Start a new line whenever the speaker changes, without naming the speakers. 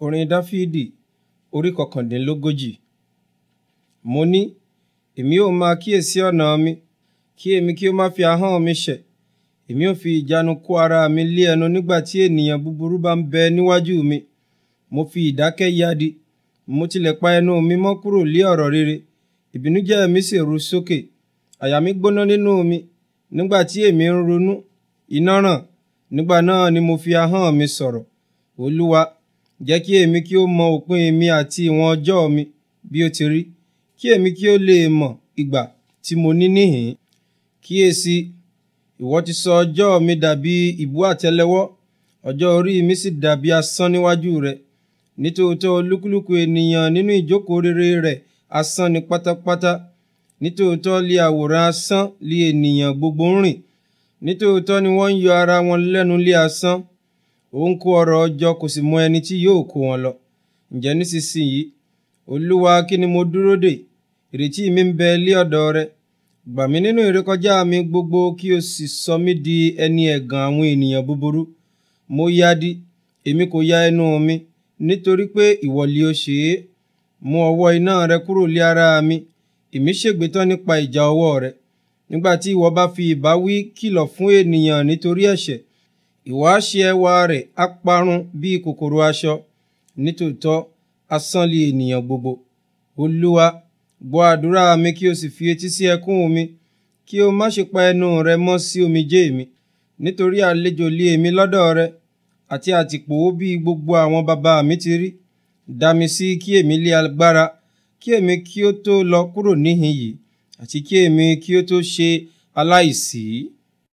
orin dáfídì orí kọkàndínlógójì mo ní èmi ó máa kíyèsí ọ̀nà mi kí èmi kí ó má fi ahọ́n mi ṣẹ̀ èmi ó fi ìjánu kó ara mi lé ẹnu nígbà tí ènìyàn búburú bá ń bẹ níwájú mi mo fi ìdákẹ́ yadi mo tilẹ̀ pa ẹnu mi mọ́ kúrò lé ọ̀rọ̀ rere ìbínújẹ́ mi sì ru sókè àyà mi gbóná nínú mi nígbà tí èmi ń ronú iná ràn nígbà náà ni mo fi ahọ́n mi sọ̀rọ̀ olúwa jẹ́ kí èmi kí ó mọ òpin mi àti ìwọ̀n ọjọ́ mi bí ó ti rí kí èmi kí ó lè mọ ìgbà tí mo ní níhìn-ín kíyèsí ìwọ ti sọ ọjọ́ mi dàbí ìbú àtẹ́lẹwọ́ ọjọ́ orí mi sì dàbí asán níwájú rẹ nítòótọ́ olúkúlùkù ènìyàn nínú ìjókòó rere rẹ̀ asán ni pátápátá nítòótọ́ li àwòrán asán li ènìyàn gbogbo ń rìn nítòótọ́ ni wọ́n ń yọ ara wọn lẹ́nu li asán ó ń kó ọrọ̀ ọjọ́ kò sì mọ ẹni tí yóò kó wọn lọ ǹjẹ́ nísinsìnyí olúwa kí ni mo dúró dè ìrètí mi ń bẹ lé ọ̀dọ̀ rẹ gbà mí nínú ìrékọjá mi gbogbo kí o sì sọ mí di ẹni ẹ̀gàn àwọn ènìyàn búburú mo yadi èmi kò ya ẹnu mi nítorí pé ìwọ li ó ṣe é mú ọwọ́ iná rẹ kúrò lé ara mi èmi ṣègbè nípa ìjà ọwọ́ rẹ nígbà tí ìwọ bá fi ìbáwí kìlọ̀ fún ènìyàn nítorí ẹ̀ṣẹ̀ ìwáṣẹ ẹwà rẹ̀ á parun bíi kòkòrò aṣọ nítòótọ́ asán lé ènìyàn gbogbo olúwa gbọ́ àdúrà mi kí o sì fi etí sí ẹkún mi kí o má ṣe pa ẹnu rẹ mọ́ sí omijé mi nítorí àlejò lé èmi lọ́dọ̀ rẹ àti àtìpó bí gbogbo àwọn baba mi ti rí dá mi sí kí èmi lé agbára kí èmi kí ó tó lọ kúrò níhìn yìí àti kí èmi kí ó tó ṣe aláìsí.